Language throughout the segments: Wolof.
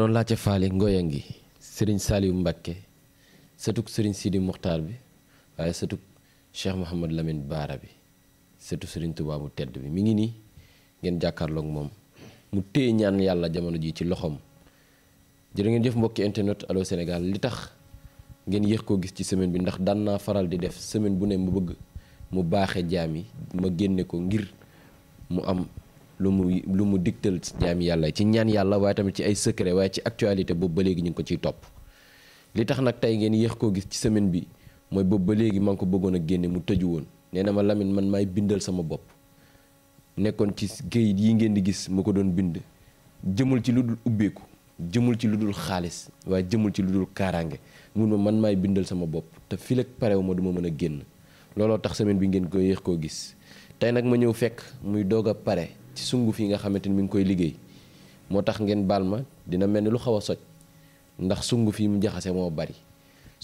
doon laajte faali ngi sëriñ Saliou Mbakke sëtug sëriñ Sidi Muxtaar bi waaye sëtug Cheikh Mouhamad Lamine Baara bi sëtu sëriñ Tuubaa bu tedd bi mi ngi nii ngeen jàkkaarloog moom mu téye ñaan yàlla jamono ji ci loxoom jërë ngeen jëf mbokki internet Allô senegal li tax ngeen yéex koo gis ci semaine bi ndax daan naa faral di def semaine bu ne mu bëgg mu baaxe jaam yi ma génne ko ngir mu am lu mu lu mu digtal jaami yàlla ci ñaan yàlla waaye tamit ci ay secret waaye ci actualité boobu ba léegi ñu ngi ko ciy topp li tax nag tey ngeen yéex koo gis ci semaine bi mooy boobu ba léegi maa ngi ko bëggoon a génne mu tëju woon nee na ma Lamine man maay bindal sama bopp nekkoon ci kayit yi ngeen di gis ma ko doon bind jëmul ci lu dul ubbeeku jëmul ci lu dul xaalis waaye jëmul ci lu dul kaaraange mun ma maay bindal sama bopp te fii ak parewu ma du ma mën a génn looloo tax semaine bi ngeen ko yéex koo gis tey nag ma ñëw fekk muy doog a pare ci sunguf yi nga xamante ni mi ngi koy liggéey moo tax ngeen baal ma dina mel ni lu xaw a soj ndax sunguf yi mu jaxase moo bari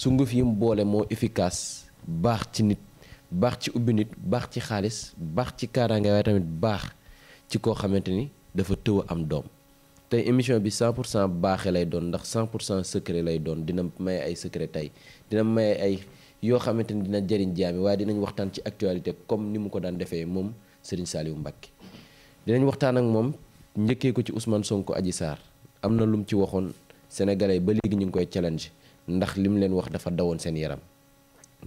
sunguf yi mu boole moo efficace baax ci nit baax ci ubbi nit baax ci xaalis baax ci kaaraange waaye tamit baax ci koo xamante ni dafa tëw a am doom tey émission bi 100 pour cent baaxee lay doon ndax 100 pour cent secret lay doon dina may ay secret tey dina maye ay yoo xamante ni dina jëriñ jaami waaye dinañ waxtaan ci actualité comme ni mu ko daan defee moom Serigne Saliou Mbacké dinañ waxtaan ak moom njëkkee ko ci Ousmane Sonko aji Sarr am na lu mu ci waxoon sénégalais ba léegi ñu ngi koy challenge ndax li mu leen wax dafa dawoon seen yaram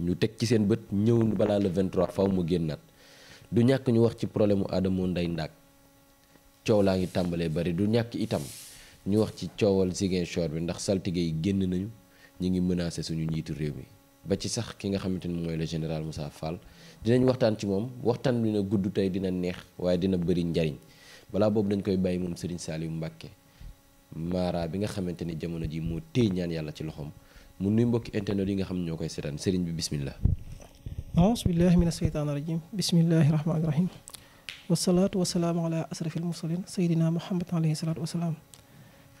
ñu teg ci seen bët ñëw balaa le 23 faw mu génn génnaat du ñàkk ñu wax ci problème mu Adamo Ndeye Ndack coow laa ngi tàmbalee bari du ñàkk itam ñu wax ci coowal Ziguinchor bi ndax saltige yi génn nañu ñu ngi menacé suñu njiitu réew mi ba ci sax ki nga xamante ni mooy la général Moussa Fall. dinañ waxtaan ci moom waxtaan bi na gudd tey dina neex waaye dina bëri njariñ balaa boobu dañ koy bàyyi moom Serigne Saliou Mbacké Mara bi nga xamante ni jamono ji moo téye ñaan yàlla ci loxoom mu nuy mbokki internet yi nga xam ñoo koy seetaan Serigne bi bismillah aouzu billahi mina sheytaani rajim bismillahi rahmaani rahim wasalaatu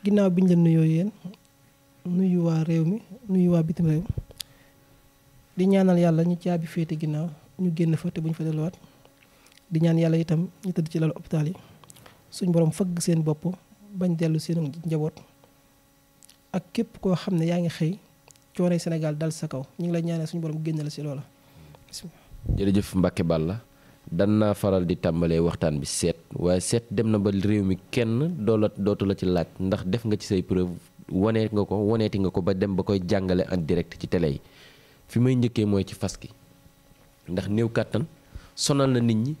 ginnaaw biñ leen nuyoo yéen mi nuyu waa bitim ñu caabi féete ginnaaw ñu génn fa te bu ñu fa delluwaat di ñaan yàlla itam ñu tëdd ci lalu hôpital yi suñ borom fëgg seen bopp bañ dellu seen njaboot ak képp koo xam ne yaa ngi xëy coonay Sénégal dal sa kaw ñu ngi lay ñaanal suñu borom génn la si loola. jërëjëf Mbacke la dan naa faral di tàmbalee waxtaan bi seet waaye seet dem na ba réew mi kenn doolat dootu la ci laaj ndax def nga ci say preuve waneet nga ko waneeti nga ko ba dem ba koy jàngale ak direct ci tele yi may njëkkee mooy ci fas gi ndax néew kàttan sonal na nit ñi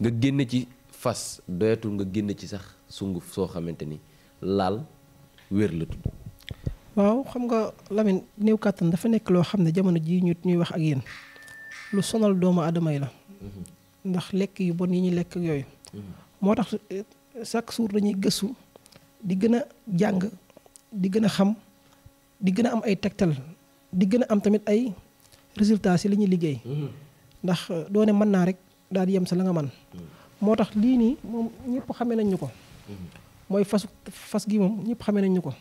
nga génn ci fas doyatul nga génn ci sax sunguf soo xamante ni laal wér la tudd. waaw xam nga Lamine néew kàttan dafa nekk loo xam ne jamono jii ñu ñuy wax ak yéen lu sonal doomu adama yi la. Mm-hmm. ndax lekk yu bon yi ñuy lekk yooyu. Mm-hmm. moo tax eh, chaque jour dañuy gëstu di gën a jàng di gën a xam di gën a am ay tegtal di gën a am tamit ay résultats si li ñuy liggéey. Mm-hmm. ndax euh, doo ne mën naa rek daal di yem sa la nga man moo tax lii nii moom ñëpp xamee nañ ñu ko. mooy fas fas gi moom ñëpp xamee nañ ñu ko.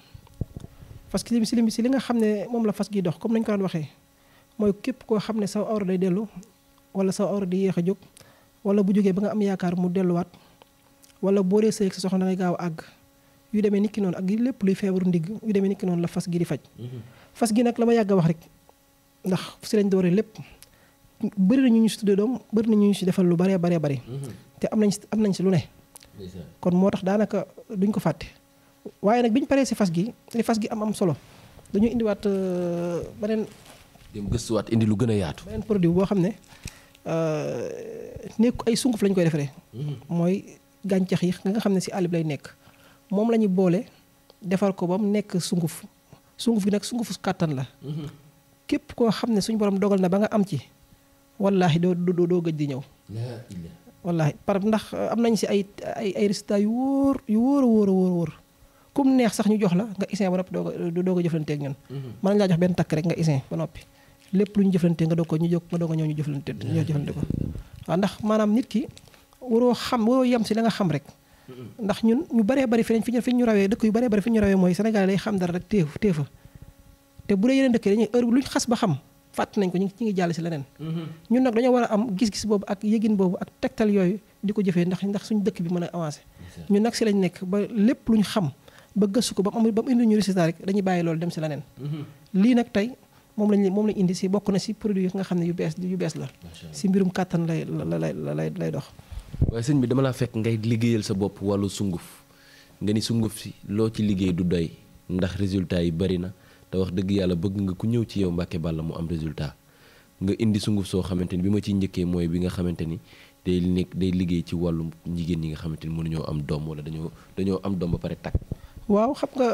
parce que si li si li nga xam ne moom la fas gi dox comme nañ ko daan waxee mooy képp koo xam ne saw awra day dellu wala saw awra di yéex a jóg wala bu jógee ba nga am yaakaar mu delluwaat wala boo dee sëy ak sa soxna da gaaw àgg yu demee nikki ki noonu ak lépp luy feebaru ndigg yu demee nit ki noonu la fas gi di faj. Mm-hmm. fas gi nag la ma yàgg a wax rek ndax si lañ bëri na ñu ñu si tuddee doom bëri na ñu si defal lu bëree bare bëri. Mhm. te am nañ si am nañ si lu ne. kon moo tax daanaka duñ ko fàtte. waaye nag bi ñu paree si fas gi fas gi am am solo dañu indiwaat euh, beneen. dem gëstuwaat indi lu gën a yaatu. beneen produit boo xam ne euh, nekk ay sunguf lañ koy defaree. Mhm. mooy gàncax yi nga xam ne si àll bi lay nekk. moom la ñu boole defar ko ba mu nekk sunguf sunguf gi nag sungufu kàttan la. Mhm. képp koo xam ne suñu borom dogal na ba nga am ci. wallaahi doo doo doo gëj di ñëw. wallaahi par ndax euh, am nañ si ay ay ay résultats yu wóor yu wóor a wóor a wóor kum neex sax ñu jox la nga isin ba noppi doo ko doo ko jëflanteeg ñun. Mm-hmm. mën nañ takk rek nga isin ba noppi lépp lu ñu jëflantee nga ñu jóg nga ko ñëw ñu jëflante ñoo jëflante ko. ndax maanaam nit ki waroo xam waroo yam si la nga xam rek. Mm-hmm. ndax ñun ñu bëree bëri fi ñu fi ñu rawee dëkk yu bëree bëri fi ñu rawee mooy Sénégal lay xam dara rek téef téefa te bu dee yeneen dëkk dañuy heure luñ xas ba xam fàtt nañ ko ñu ngi jàll si leneen mm-hmm. ñun nag dañoo war a am gis-gis boobu ak yëgin boobu ak tegtal yooyu di ko jëfee ndax ndax suñu dëkk bi mën a avancé ñu nag si lañ nekk ba lépp luñ xam ba gëstu ko ba mu ba indi ñu résultat rek dañuy bàyyi loolu dem si leneen mm-hmm. lii nag tey moom lañ moom lañ indi si bokk na si produit yi nga xam ne yu bees yu bees la si mbirum kàttan lay la lay lay dox waaye sëñ bi dama laa fekk ngay liggéeyal sa bopp wàllu sunguf nga ni sunguf si loo ci liggéey du doy ndax résultat yi bari na te wax dëgg yàlla bëgg nga ku ñëw ci yow Mbàkke Bàlla mu am résultat nga indi sunguf soo xamante ni bi ma ciy njëkkee mooy bi nga xamante ni day nekk day liggéey ci wàllu jigéen ñi nga xamante ni mënuñoo am doom wala dañoo dañoo am doom ba pare takk. waaw xam nga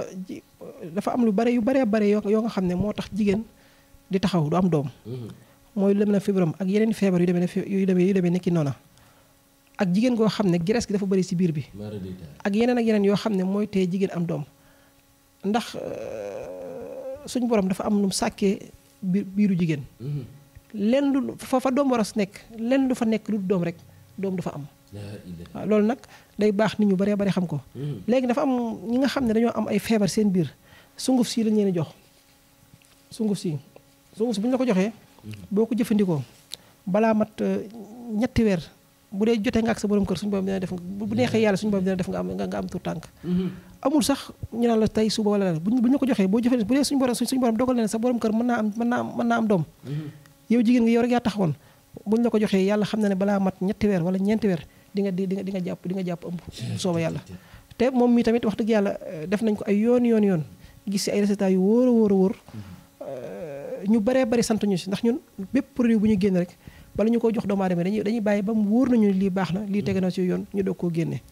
dafa am lu bare yu bare bare yoo yoo nga xam ne moo tax jigéen di taxaw du am doom. Mm-hmm. mooy lu demee ne ak yeneen feebar yu demee yu demee demee nekki noona ak jigéen koo xam ne graisse gi dafa bëri si biir bi. ak yeneen ak yoo xam ne mooy tee jigéen am doom euh, suñu borom dafa am nu mu sàkkee biiru jigéen. Mm-hmm. lenn lu fa fa doom war a nekk lenn lu fa nekk lu doom rek doom du fa am. waaw loolu nag day baax nit ñu baree bari xam ko. Mm-hmm. léegi dafa am ñi nga xam ne dañoo am ay feebar seen biir sunguf sii lañ leen jox sunguf sii sunguf si bu ñu la ko joxee. Mm-hmm. boo ko jëfandikoo balaa mat euh, ñetti weer bu dee jotee nga ak sa borom kër suñu borom dina def bu neexee yàlla suñu borom def nga am nga am tu tànk. amul sax ñu naan la tey suba wala dara bu ñu ko joxee boo joxee bu dee suñu borom suñ borom dogal na sa borom kër mën naa am mën naa am mën am doom mm-hmm. yow jigéen nga yow rek yaa taxawoon buñ la ko joxee yàlla xam na ne balaa mat ñetti weer wala ñeenti weer di nga di nga di nga jàpp di yàlla te moom mi tamit wax dëgg yàlla eh, def nañ ko ay yoon yoon yoon gis si ay résultats yu wóor wóor a wóor mm-hmm. eh, ñu baree bari sant ñu si ndax ñun bépp produit bu ñu rek bala ñu ko jox doomu aadama dañuy dañuy bàyyi ba mu wóor nañu lii baax na lii tege na si yoon ñu doog koo génnee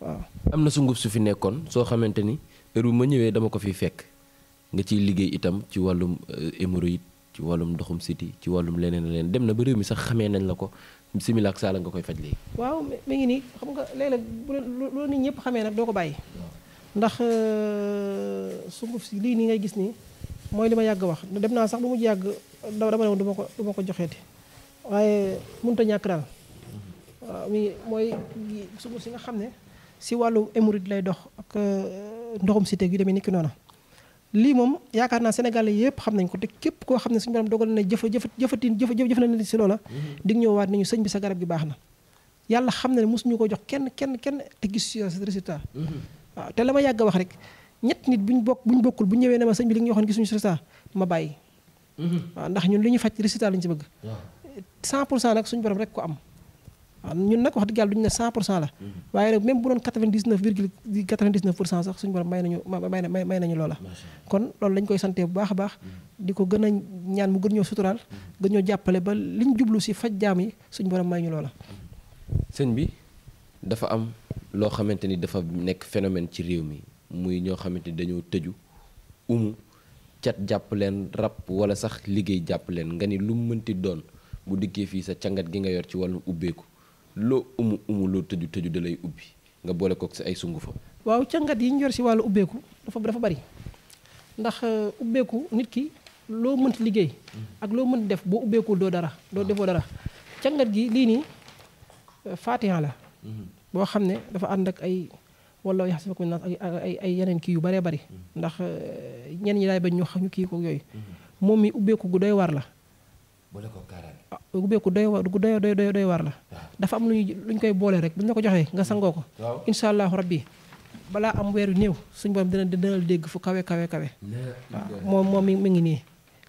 waaw. am na sunguf su fi nekkoon soo xamante ni heure ma ñëwee dama ko fi fekk nga ciy liggéey itam ci wàllum euh, hémorroïde ci wàllum ndoxum siti ci wàllum leneen leneen dem na ba réew mi sax xamee nañ la ko simila ak saala nga koy faj léegi. waaw mi ngi nii xam nga léeg ñëpp xamee nag doo ko bàyyi. ndax euh, sunguf si lii nii ngay gis nii mooy li ma yàgg wax dem naa sax bu mu yàgg daw dama ne du ma ko joxee ma waaye mënut a ñàkk daal. Mm-hmm. mooy sunguf si nga xam ne. si wàllu hémorroïde lay dox ak euh, ndoxum cité gi demee ni ki lii moom yaakaar naa sénégalais yëpp xam nañ ko te képp koo xam ne suñ borom dogal na jëfa jëfa jëfatin jëf jëf na si loola mhm. di nga bi sa garab gi baax na yàlla xam na ne mosuñu ko jox kenn kenn kenn te gis résultat mhm. waaw te la ma yàgg a wax rek ñett nit buñ bokk buñ bokkul bu ñëwee ne ma sëñ bi li nga waxoon gisuñu résultat ma bàyyi mhm. waaw ndax ñun li ñu faj résultat lañu si bëgg 100 pour cent nag suñu borom rek ko am ñun nag wax dëgg yàlla duñu ne 100 pour cent la mhm. waaye nag même bu doon 99 virgule 99 pour cent sax suñu borom may nañu may may nañu loola kon loolu lañ koy sante baax a baax mhm. di ko gën a ñaan mu gën ñoo suturaal mhm. gën ñoo jàppale ba liñ jublu si faj jaam yi suñu borom may ñu loola sëñ bi dafa am loo xamante ni dafa nekk phénomène ci réew mi muy ñoo xamante ni dañoo tëju umu cat jàpp leen rab wala sax liggéey jàpp leen nga ni lu mu mënti doon bu dikkee fii sa cangat gi nga yor ci wàllu ubbeeku loo umu umu loo tëju tëju da ubbi nga boole kook si ay sungufa waaw cangat yi ñu yor si wàllu ubbeeku dafa dafa bari ndax uh, ubbeeku nit ki loo mënti liggéey ak loo mënti def boo ubbeekul doo dara doo ah. defoo dara càngat gi lii nii uh, fatiha la mhm. boo xam ne dafa ànd ay wala yaxsifakum naas ay ay yeneen yu baree bari mhm. ndax uh, ñenn ñi daay bañ ñu xam ñu yooyu mhm. moom mi ubbeeku gu doy waar la ah, ubbeeku doy doy doy doy doy waar la ah. dafa am lu ñuy lu ñu koy boolee rek bu ñu la ko joxee nga sangoo ko. waaw incha allahu rabbi balaa am weeru néew suñ borom dina dina dégg fu kawe kawe kawe. waaw moom moom mi ngi nii.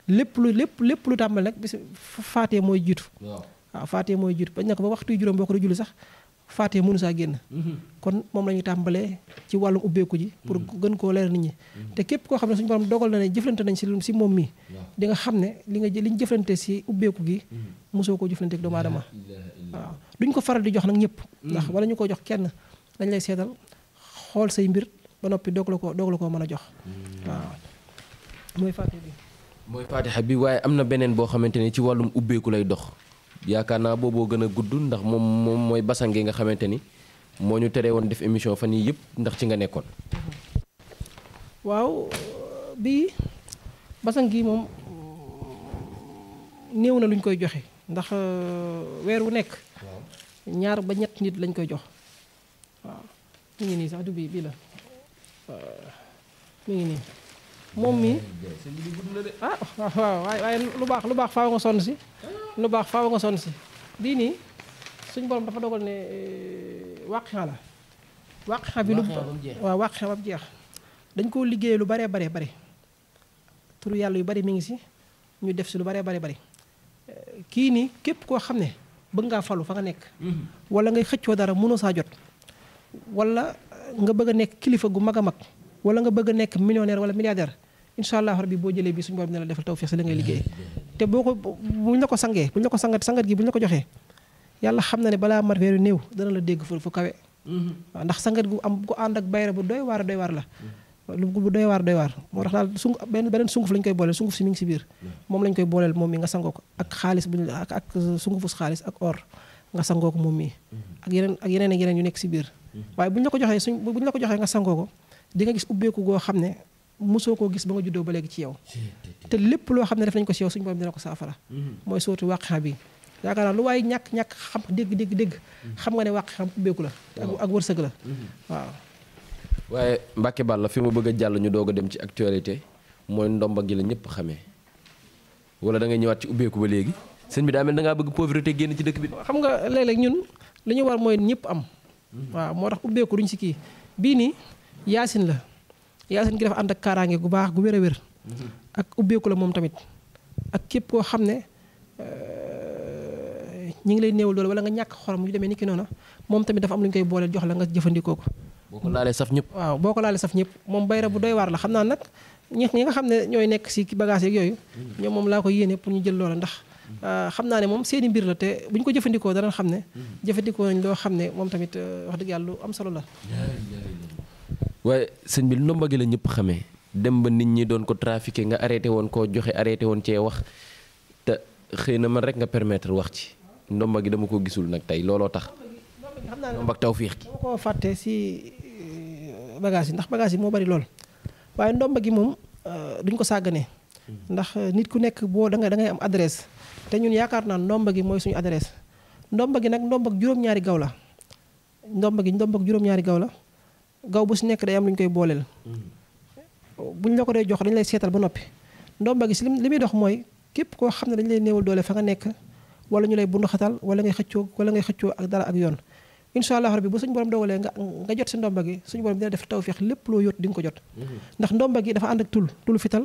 lépp lu lépp lépp lu tàmbali nag bis faatee mooy jiitu. waaw mooy jiitu bañ na ko ba waxtu yu juróom boo ko di julli sax faatee mënu saa génn. Mm-hmm. kon moom la ñuy tàmbalee ci wàllum ubbeeku ji. pour mm-hmm. gën koo leer nit ñi. Mm-hmm. te képp koo xam ne suñu borom dogal na ne jëflante nañ si si moom mii. di nga xam ne li nga li ñu jëflante si ubbeeku gi. mosoo ko jëflante ak duñ ko faral di jox nag ñëpp. Mm. ndax wala ñu ko jox kenn dañ lay seetal xool say mbir ba noppi dog la ko doog la ko mën a jox. Mm. waaw mooy fatiha bi. bi waaye am na beneen boo xamante ne ci wàllum ubbeeku lay dox yaakaar naa booboo gën a gudd ndax moom moom mooy basang gi nga xamante ni moo ñu teree woon def émission fa nii yëpp ndax ci nga nekkoon. Mm-hmm. waaw bii basang gi moom néew na luñ koy joxe ndax euh, weer wu nekk. ñaar ba ñett nit lañ koy jox waaw mi ngi nii sax du bii bii la mu ngi nii moom mii ah, waaye lu baax lu baax faaw nga sonn si lu baax faaw nga sonn si bii nii suñ borom dafa dogal ne eh, wàqixa la wàqixa bi lu waaw wàqixa ba mu jeex dañ koo liggéey lu baree baree bari turu yàlla yu bari mi ngi si ñu def si lu baree bari bari eh, kii nii képp koo xam ne bëgg ngaa falu fa nga nekk. Mhm. wala ngay xëccoo dara mënoo saa jot. wala nga bëgg a nekk kilifa gu mag a mag. wala nga bëgg a nekk millionaire wala milliardaire incha allah rabbi boo jëlee bi suñu borom dina la defal tawfiix si la ngay liggéey. te boo ko buñ la ko sangee buñ la ko sangat sangat gi buñ la ko joxee yàlla xam na ne balaa mat weeru néew dana la dégg fu fu kawe. Mhm. ndax sangat gu am gu ànd ak bayra bu doy waar doy waar la. Mhm. lu doy waar doy waar moo tax daal sung beneen sunguf lañ koy booleel sunguf si mi ngi si biir moom lañ koy booleel moom mi nga sangoo ko ak xaalis ak sungufus xaalis ak or nga sangoo ko moom mi mm-hmm. ak yeneen ak yeneen ak yeneen yu nekk si biir mm-hmm. waaye bu ñu la ko joxee suñ bu ñu la ko joxee nga sangoo ko di nga gis ubbeeku goo xam ne mosoo koo gis ba nga juddoo ba léegi ci yow te lépp loo xam ne def nañ ko si yow suñu borom dina ko saafara mm-hmm. mooy sóoti wàqxa bi yaakaar naa lu waaye ñàkk ñàkk xam dégg dégg dégg xam nga ne wàq xam ubbeeku la ak wërsëg la waaw waaye Mbacke Balla fi mu bëgg a jàll ñu doog a dem ci actualité mooy ndomba gi la ñëpp xamee wala dangay ñëwaat ci ubbeeku ba léegi sëñ bi daa mel da ngaa bëgg pauvreté génn ci dëkk bi. xam nga léeg-léeg ñun li ñu war mooy ñëpp am. moo tax ubbeeku duñ si kii bii nii yaasin la yaasin gi dafa ànd ak kaaraange gu baax gu wér a wér. ak ubbeeku la moom tamit ak képp koo xam ne euh, ñi ngi lay néewal doole wala nga ñàkk xorom ñu demee ni ki noona moom tamit dafa am lu ñu koy booleel jox la nga jëfandikoo ko. boo ko laalee ñëpp. waaw boo ko laalee saf ñëpp moom bayra bu doy waar la xam naa nag ñi ñi nga xam ne ñooy nekk si bagage yeeg yooyu. ñoom moom laa ko yéene pour ñu jël loola ndax. Ah, xam naa ne moom seeni mbir la te bu ñu ko jëfandikoo dana xam ne. jëfandikoo nañ loo xam ne moom tamit ah, wax dëgg yàlla am solo la. waaye sëñ bi ndomba gi la ñëpp xamee dem ba nit ñi doon ko trafiqué nga arrêté woon koo joxe arrêté woon cee wax te xëy na man rek nga permettre wax ci ndomba gi dama ko gisul nag tey looloo tax moom ak tawfiix gi. dama koo fàtte si euh, bagage yi ndax bagage yi moo bari lool waaye ndomba gi moom euh, duñ ko sàgganee. Mm-hmm. ndax euh, nit ku nekk boo da nga am adresse te ñun yaakaar naa ndomba gi mooy suñu adresse ndomba gi nag ndomba juróom-ñaari gaw la ndomba gi ndomba juróom-ñaari gaw la gaw bu si nekk day am lu ñu koy booleel. Mm-hmm. buñ la ko dee jox dañ lay seetal ba noppi ndomba gi si li muy dox mooy képp koo xam ne dañ lay néewal doole fa nga nekk wala ñu lay bundu xatal wala ngay xëccoo wala ngay xëccoo ak dara ak yoon. incha allah rabbi bu suñu borom dogalee nga nga jot si ndomba gi suñu borom dina def tawféex lépp loo yot di ko jot mhm. ndax ndomba gi dafa ànd ak tul tul fital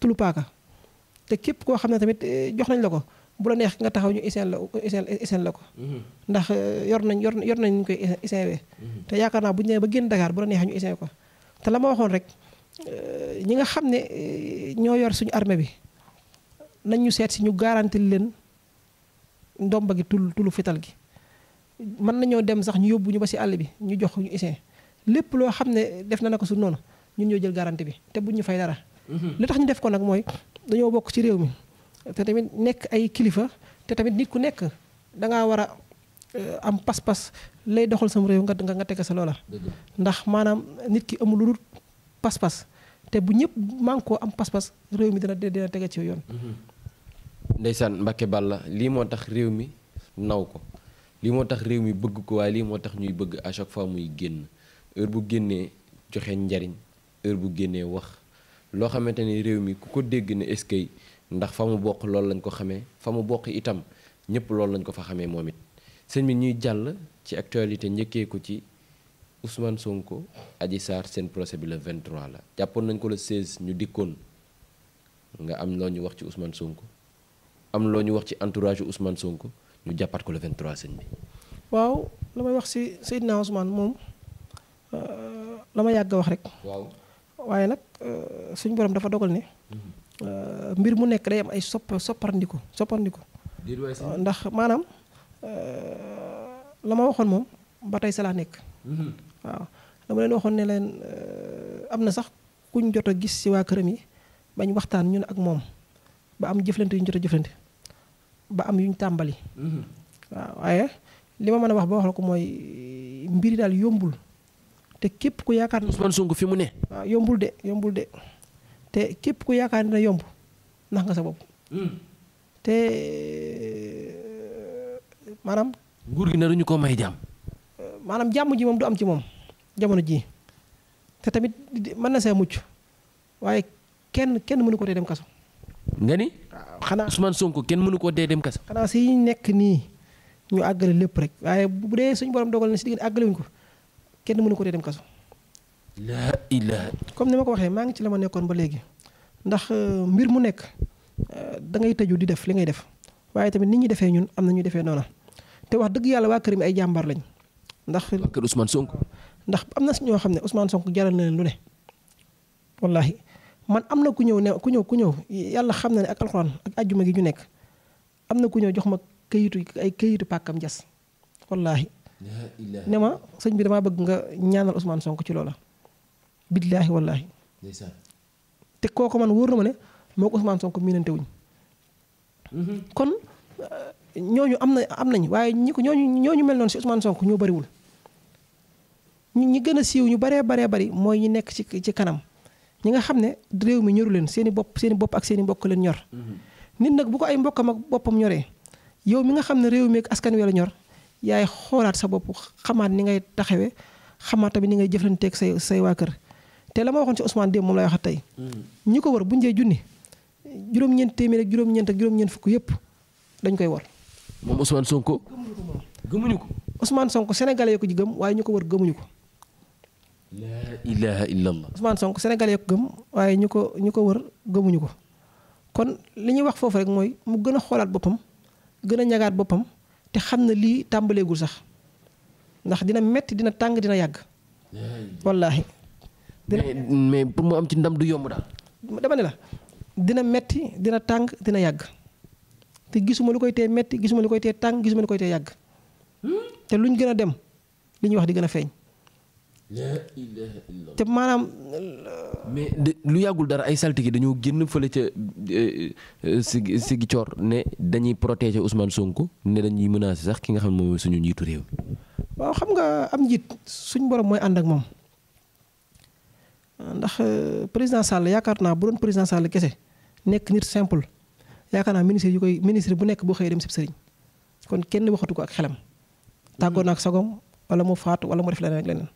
tul paaka te képp koo xam ne tamit eh, jox nañ la ko bu neex nga taxaw ñu iseen la iseen la ko mhm. ndax eh, yor nañ yor yor nañ ñu koy iseen wee mhm. te yaakaar naa bu ñu nee ba génn dakaar bu la neexee ñu iseen ko te la ma waxoon rek eh, ñi nga xam ne ñoo yor suñu armée bi nañ ñu seet si ñu garanti leen ndomba gi tul tulu fital gi mën nañoo dem sax ñu yóbbu ñu ba si àll bi ñu jox ñu isin lépp loo xam ne def na ko su noonu ñun ñoo jël garante bi te bu ñu fay dara. Mhm. li tax ñu def ko nag mooy dañoo bokk ci réew mi te tamit nekk ay kilifa te tamit nit ku nekk danga ngaa war a eh, am pas-pas lay doxal sam réew nga nga teg sa loola. ndax maanaam nit ki amul lu dul pas-pas te bu ñëpp man koo am pas-pas réew mi dina dina tege ci yoon. Mhm. ndeysaan Mbacke Balla lii moo tax réew mi naw ko. lii moo tax réew mi bëgg ko waaye lii moo tax ñuy bëgg à chaque muy génn heure bu génnee joxe njariñ heure bu génnee wax loo xamante ni réew mi ku ko dégg ne eskay ndax fa mu bokk loolu lañ ko xamee fa mu bokk itam ñëpp loolu lañ ko fa xamee moom it sëñ bi ñuy jàll ci actualité njëkkee ko ci Ousmane Sonko Adji Sarr seen procès bi le 23 la jàppoon nañ ko la 16 ñu dikkoon nga am loo ñu wax ci Ousmane Sonko am loo ñu wax ci entourage Ousmane Sonko lu jàppaat ko la le 23 sëñ bi. waaw la may wax si Seydina Ousmane moom euh, la ma yàgg wax rek. waaw waaye nag euh, suñu borom dafa dogal ne. Mhm. Euh, mbir mu nekk day am ay sopp sopparndiku sopparndiku. ndax maanaam la ma waxoon moom ba tey sa laa nekk. Mhm. waaw dama leen waxoon ne leen am na sax kuñ jot a gis si waa këram yi bañ waxtaan ñun ak moom ba am jëflante yu jot a jëflante. ba am yu ñu tàmbali. Mm-hmm. waaw waaye li ma mën a wax ba wax la ko mooy eh, mbiri daal yombul te képp ku yaakaar na Ousmane Sonko fi mu ne. yombul de yombul de képp ku yaakaar ne yomb nax nga sa bopp. Mm. te eh, maanaam. nguur gi naruñu ko may jàmm. Eh, maanaam jàmm ji moom du am ci moom jamono ji te tamit mën na see mucc waaye kenn kenn mënu ko tee dem kaso. nga ni. xanaa Ousmane sonk kenn mënu koo dee dem kasa. xanaa si nekk nii ñu àggale lépp rek waaye bu dee suñ borom dogal na si diggante àggale wuñ ko kenn mënu ko dee dem kaso. la ilaha. comme ni ma ko waxee maa ngi ci la ma nekkoon ba léegi ndax euh, mbir mu nekk euh, da ngay tëju di def li ngay def waaye tamit nit ñi defee ñun am na ñu defee noona te wax dëgg yàlla waa kër mi ay jàmbaar lañ ndax. waa kër Ousmane Sonko. ndax am na si ñoo xam ne Ousmane Sonko jaral na leen lu ne wallaahi. man am na ku ñëw ne ku ñëw ku ñëw yàlla xam na ne ak alxuraan ak ajjuma gi ñu nekk am na ku ñëw jox ma kayitu ay kayitu pàkkam jas wallaahi ne ma sëñ bi damaa bëgg nga ñaanal usmaan Sonko ci loola billaahi wallaahi te kooku man wóor na ma ne moo ko Ousmane Sonko miinante wuñ mhm. kon ñooñu am na am nañ waaye ñi ko ñooñu ñooñu mel noonu si Ousmane Sonko ñoo bariwul ñi gën a siiw ñu baree baree bari mooy ñu nekk ci ci kanam ñi nga xam ne réew mi ñoru leen seen i bopp seen bopp ak seeni mbokk leen ñor. Mm-hmm. nit nag bu ko ay mbokkam ak boppam ñoree yow mi nga xam ne réew mi ak askan wi ñor yaay xoolaat sa bopp xamaat ni ngay taxawee xamaat tamit ni ngay jëflanteeg say say waa kër. te la ma waxoon ci Ousmane Deme moom lay wax tey. Mm-hmm. ñi ko war bu ñu dee junni juróom-ñeent téeméer ak juróom-ñeent fukk yëpp dañ koy war. moom Ousmane Sonko. gëmuñu ko Ousmane Sonko sénégalais yi ko ci gëm waaye ñu ko war gëmuñu ko laa ilaha illa allah Ousmane Sonko ko gëm waaye ñu ko ñu ko wër gëmuñu ko kon li ñuy wax foofu rek mooy mu gën a xoolaat boppam gën a ñagaat boppam te xam na lii tàmbaleegul sax ndax dina metti dina tàng dina yàgg wallaahi mais pour mu am ci ndam du yomb daal dama ne la dina metti dina tàng dina yàgg te gisuma lu koy tee metti gisuma lu koy tee tàng gisuma lu koy tee yàgg hmm? te luñ gën a dem li ñuy wax di gën a feeñ te maanaam. lu yàggul dara ay saltige dañoo génn fële ca eh, eh, Sigi Sigi Coor ne dañuy protéger Ousmane Sonko ne dañuy menacer sax ki nga xam ne moom suñu njiitu réew mi. waaw xam nga am njiit suñ borom mooy ànd ak moom ah, ndax eh, président Sall yaakaar naa bu doon président Sall kese nekk nit simple yaakaar naa ministre yu koy ministre bu nekk boo xëyee dem si sëriñ kon kenn waxatu ko ak xelam. tàggoon ak sagom wala mu faatu wala mu def leneen ak leneen.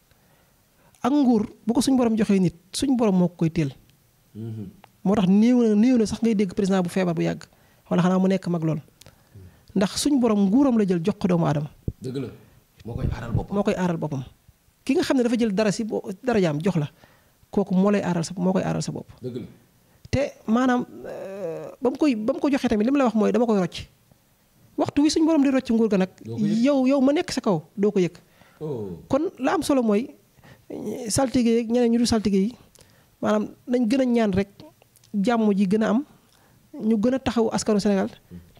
ak nguur bu ko suñ borom joxee nit suñ borom moo ko koy téel moo tax néew na sax ngay dégg président bu feebar bu yàgg wala xanaa mu nekk mag lool ndax suñ borom nguuram la jël jox ko doomu aadama. dëgg la moo koy aaral moo koy aaral boppam. ki nga xam ne dafa jël dara si dara jaam jox la kooku moo lay aaral sa moo koy aaral bopp. dëgg te maanaam euh, ba mu koy ba mu ko joxee tamit li mu la wax mooy dama koy rocc waxtu wi suñ borom di rocc nguur ga nag. yow yow ma nekk sa kaw doo ko yëg. Oh. kon la am solo mooy. saltige yeeg ñeneen ñu du saltige yi maanaam nañ gën a ñaan rek jàmm ji gën a am ñu gën a taxawu askanu Sénégal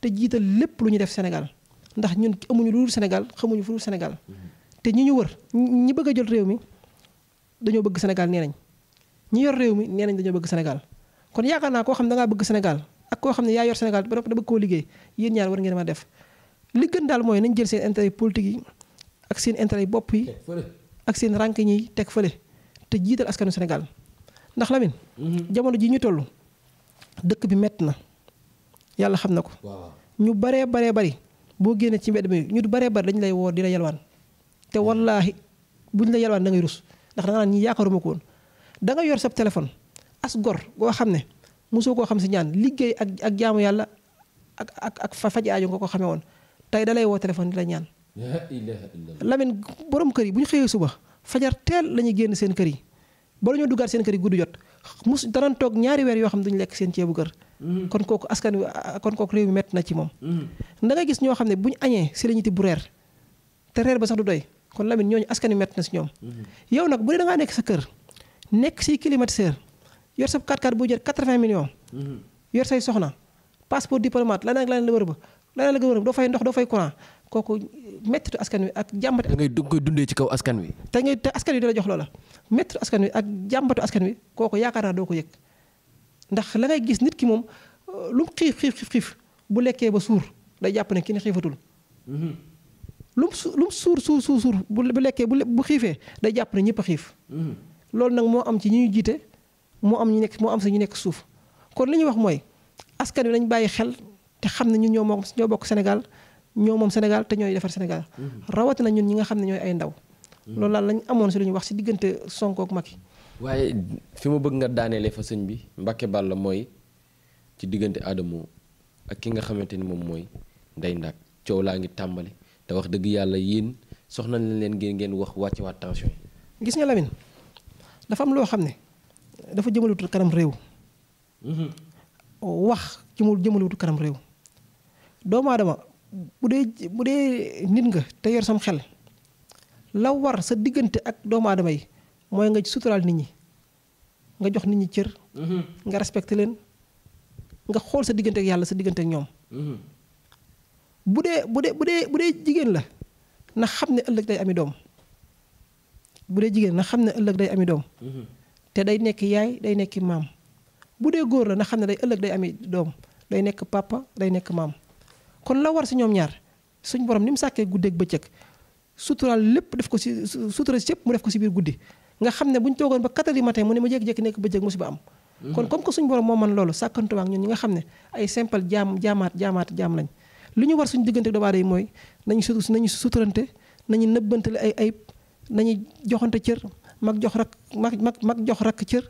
te jiital lépp lu ñu def Sénégal ndax ñun amuñu lu dul Sénégal xamuñu fu dul Sénégal te ñi ñu wër ñi bëgg a jël réew mi dañoo bëgg Sénégal nee nañ ñi yor réew mi nee nañ dañoo bëgg Sénégal kon yaakaar naa koo xam ne da bëgg Sénégal ak koo xam ne yaa yor Sénégal ba da bëgg koo liggéey yéen ñaar war ngeen ma def li gën daal mooy nañ jël seen intérêt politique ak seen intérêt bopp yi ak seen rànk ñiy teg fële te jiital askanu Sénégal ndax lamin mhm. jamono ji ñu toll dëkk bi mett na yàlla xam na ko. ñu baree baree bari boo génnee ci mbedd mi ñu baree bari dañ lay woo di la yalwaan te mhm. wallaahi buñ la yalwaan da ngay rus ndax da nga naan ñi yaakaaruma ko woon da nga yor sab téléphone as gor goo xam ne musoo koo xam si ñaan liggéey ak ak jaamu yàlla ak ak ak fa faj aajo nga ko xamee woon tey da woo téléphone di la ñaan. Lamine boroom kër yi bu ñu xëyee suba fajar teel la ñuy génn seen kër yi bala ñoo duggaat seen kër yi guddi jot mus danañ toog ñaari weer yoo xam ne duñu lekk seen ceebu kër. Mm-hmm. kon kooku askan wi ah, kon kooku réew mi métti na ci moom. Mm-hmm. da nga gis ñoo xam ne bu ñu añee si la ñu bu reer te reer ba sax du doy kon Lamine ñooñu askan wi métti na si ñoom. Mm-hmm. yow nag bu dee da nekk sa kër nekk si climatiseur yor sa 4x4 bu jër 80 millions. yor say soxna passeport diplomate leneen ak leneen la wër ba leneen la wër ba doo fay ndox doo kooku mettitu askan wi ak jàmbatu. da ngay koy dundee ci kaw askan wi. te ngay te askan wi dina jox loola mettitu askan wi ak jàmbatu askan wi kooku yaakaar doo ko yëg ndax la ngay gis nit ki moom euh, lu mu xiif xiif bu lekkee ba suur day jàpp ne ki ne xiifatul. Mm-hmm. lu mu su lu mu suur suur suur bu lekkee bu xiifee day jàpp ne ñëpp a xiif. Mm-hmm. loolu nag moo am ci ñu jiite moo am ñu nekk moo am sa ñu nekk suuf kon li ñuy wax mooy askan wi nañ bàyyi xel te xam ne ñun ñoo moom ñoo bokk Sénégal. ñoo moom Sénégal te ñooy defar Sénégal mhm. rawatina ñun ñi nga xam ne ñooy ay ndaw mhm. loolu daal lañ amoon si lu ñu wax si diggante Sonko ak Macky waaye fi ma bëgg nga daaneele fa sëñ bi Mbacke la mooy ci diggante Adamo ak ki nga xamante ni moom mooy Ndeye Ndack coow laa ngi tàmbali te wax dëgg yàlla yéen soxna nañ leen ngeen ngeen wax wàcce waat tension yi gis nga Lamine dafa am loo xam ne dafa jëmalutu kanam réew mhm. wax ci mu jëmalutu kanam réew doomu bu dee bu dee nit nga te yor sam xel la war sa diggante ak doomu aadama yi mooy nga suturaal nit ñi nga jox nit ñi cër. Mm-hmm. nga respecté leen nga xool sa diggante ak yàlla sa diggante ak ñoom. Mm-hmm. bu dee bu dee bu dee bu dee jigéen la na xam ne ëllëg day ami doom bu dee jigéen na xam ne ëllëg day ami doom. Mm-hmm. te day nekk yaay day nekki maam bu dee góor la na xam ne day ëllëg day ami doom day nekk papa day nekk maam. kon la war si ñoom ñaar suñ borom ni mu sàkkee guddeeg bëccëg suturaal lépp def ko si sutura si yëpp mu def ko si biir guddi nga xam ne bu ñu toogoon ba 4 heures du matin mu ne ma jékki-jékki nekk bëccëg musiba am mm-hmm. kon comme que suñu borom moo man loolu sàkkantuwaa ak ñun ñi nga xam ne ay simple jaam jaamaat jaamaat jaam lañ li ñu war suñu diggante doomu aadama yi mooy nañu sut nañu suturante ñu nëbbantale ay ayib nañu joxante cër mag jox rak mag mag mag jox rakk cër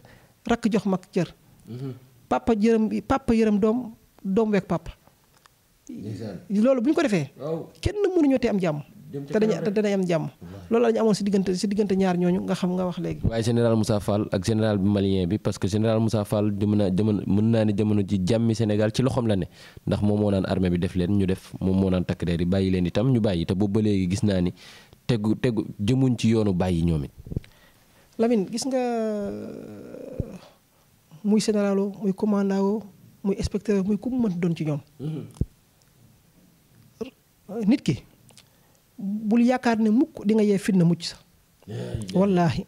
rakk jox mag cër mm-hmm. papa yërëm papa yërëm doom doom week papa loolu bu ñu ko defee. kenn mënuñoo te am jàmm. te dañuy te dañuy am jàmm. loolu la ñu amoon si diggante ñaar ñooñu nga xam nga wax léegi. waaye général Moussa Fall ak général bi malien bi parce que général Moussa Fall jamono jamono mën naa ne jamono ji jàmmi Sénégal ci loxoom la ne ndax moom moo naan armée bi def leen ñu def moom moo naan takk deer yi bàyyi leen itam ñu bàyyi te boobu ba léegi gis naa ni tegu tegu jëmuñ ci yoonu bàyyi ñoomi lamin Lamine gis nga muy général muy commandant muy inspecteur muy ku mën doon ci ñoom. Mm-hmm. nit ki bul yaakaar ne mukk di nga yee fitna mucc sa wallaahi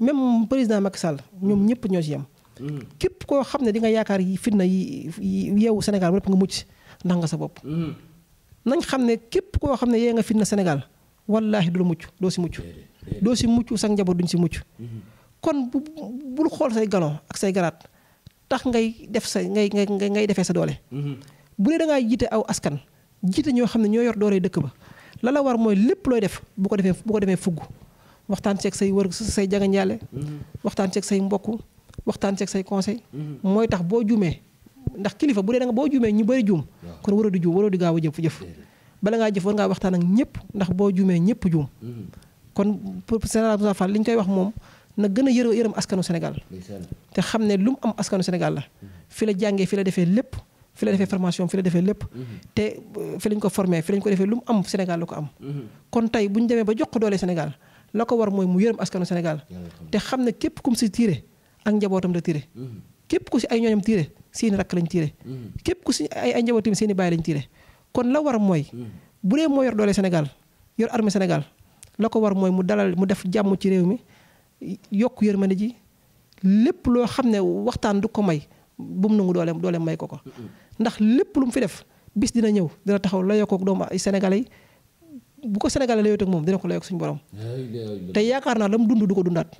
même président Macky Sall ñoom ñëpp ñoo ci yem mm. képp koo xam ne di nga yaakaar yi fitna yi yeewu Sénégal ba lépp nga mucc ndax nga sa bopp mm. nañ xam ne képp koo xam ne yee nga fitna Sénégal wallaahi du la mucc doo si mucc doo si mucc sax njaboot duñ si mucc mm-hmm. kon bu bul xool say galon ak say garaat tax ngay def sa ngay ngay ngay defee sa doole mm-hmm. bu dee da jiite aw askan jiite ñoo xam ne ñoo yor doole dëkk ba la la war mooy lépp looy def bu ko defee bu ko defee fugg waxtaan ceeg say wër say jagañaale waxtaan ceeg say mbokk waxtaan ceeg say conseil mooy tax boo jumee ndax kilifa bu dee da boo jumee ñu bëri juum kon waroo di juum waroo di gaaw a jëf jëf bala ngaa jëf war ngaa waxtaan ak ñëpp ndax boo jumee ñëpp juum mm-hmm. kon pour général Moussa Fall li ñu koy wax moom na gën a yërë yërëm askanu Sénégal te xam ne lu mu am askanu Sénégal la mm-hmm. fi la jàngee fi la defee lépp fi la defee formation fi la defee lépp. Mhm. te euh, fi lañ ko formé fi lañ ko defee lu mu am Sénégal la ko am. Mhm. kon tey bu ñu demee ba jox ko doolee Sénégal la ko war mooy mu yërëm askanu Sénégal. te xam ne képp kum si tiire ak njabootam la tiire. Mhm. képp ku si ay ñooñam tiire seeni rakk lañ tiire. képp ku si ay ay njabootam seeni baay lañ tiire. kon la war mooy. bu dee moo yor doole Sénégal yor armi Sénégal la ko war mooy mu dalal mu def jàmm ci réew mi yokk yërmande ji lépp loo xam ne waxtaan du ko may. bu mu nangu dooleem dooleem may ko ko. ndax lépp lu fi def bis dina ñëw dina taxaw la koog doomu ay sénégalais bu ko sénégalais layoot ak moom dina ko layoo ak suñu borom. te yaakaar naa la mu dund du ko dundaat.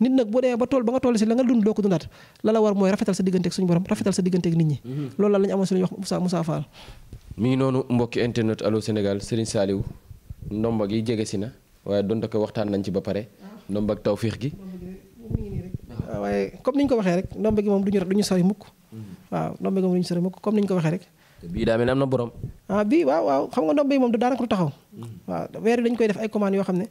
nit nag boo demee ba tool ba nga toll si la nga dund doo ko dundaat la war mooy rafetal sa digganteeg suñu borom rafetal sa digganteeg nit ñi. loolu la ñu amoon si wax Moussa Moussa Fall. mi ngi noonu mbokki internet allo senegal Serigne Saliou ndomba gi jege si na waaye donte ko waxtaan nañ ci ba pare ndombak gi waaye comme ni ñu ko waxee rek ndombe gi moom du ñu du ñu sori mukk mm-hmm. waaw ndombe gi moom du ñu comme ni ko waxee rek bii daa mel am na borom ah bii waaw moom du taxaw mm-hmm. waaw weer dañu koy def ay commandes yoo xam ne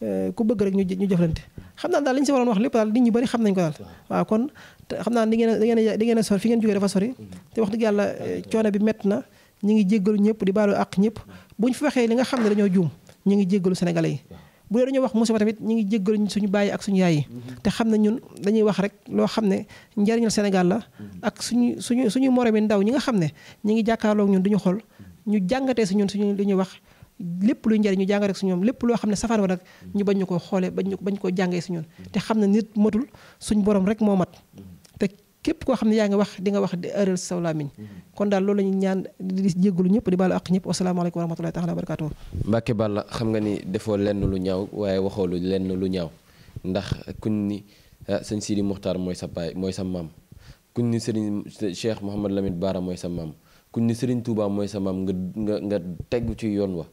eh, ku bëgg rek ñu jëflante xam naa daal li ñu si waroon wax lépp daal nit ñu bëri xam nañu ko daal waaw kon xam naa di ngeen di ngeen di ngeen a sori fi ngeen jógee dafa sori mm-hmm. te wax dëgg yàlla eh, coono bi mett na ñi ngi jéggalu ñëpp di baalu àq ñëpp bu ñu fi waxee li nga xam ne dañoo juum ñu ngi jéggalu sénégalais yi bu dee dañoo wax musiba tamit ñu ngi jéggal suñu bàyyi ak suñu yaay yi mm-hmm. te xam ne ñun dañuy wax rek loo xam ne njariñal Sénégal la mm-hmm. ak suñu suñu suñu moromi ndaw ñi nga xam ne ñu ngi jàkkaarloog ñun duñu xool mm-hmm. ñu jàngatee si ñun suñu li ñuy wax lépp luy njariñ ñu jànga rek si ñoom lépp loo xam ne safaan wa nag ñu bañ ñu ko xoolee bañ bañ ko jàngee si ñun te xam ne nit matul suñu borom rek moo mat képp koo xam ne yaa ngi wax di nga wax di ëral saw làmmiñ mm-hmm. kon daal loolu la ñu ñaan di jéggalu ñëpp di baalu ak ñëpp wasalaamaaleykum wa rahmatullahi taala wa barakatuh Mbacke xam nga ni defoo lenn lu ñaaw waaye waxoo lu lenn lu ñaaw ndax kuñ ni ah, sëñ Sidi Muxtaar mooy sa baay mooy sa maam kuñ ni sëriñ Cheikh Mouhamad Lamine Baara mooy sa maam kuñ ni sëriñ Touba mooy sa maam nga nga nga tegu ci yoon wa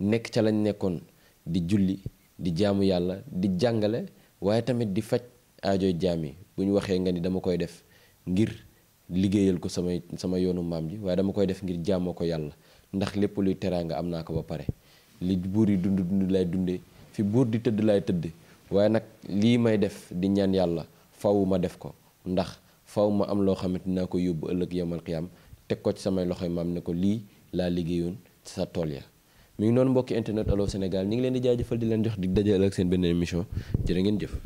nekk ca lañ nekkoon di julli di jaamu yàlla di jàngale waaye tamit di faj aajo jaam bu ñu waxee nga ni dama koy def ngir liggéeyal ko samay sama yoonu maam ji waaye dama koy def ngir jàmmoo ko yàlla ndax lépp luy teraanga am naa ko ba pare li buur yi dund dund lay dundee fi buur di tëdd laay tëdd waaye nag lii may def di ñaan yàlla faw ma def ko ndax faw ma am loo xamante naa ko yóbbu ëllëg yamal xiyaam teg ko ci samay loxoy maam ne ko lii laa liggéeyoon sa tool ya mi ngi noonu mbokki internet Allô Sénégal ñu ngi leen di jëfal di leen jox di dajale ak seen benn émission ngeen jëf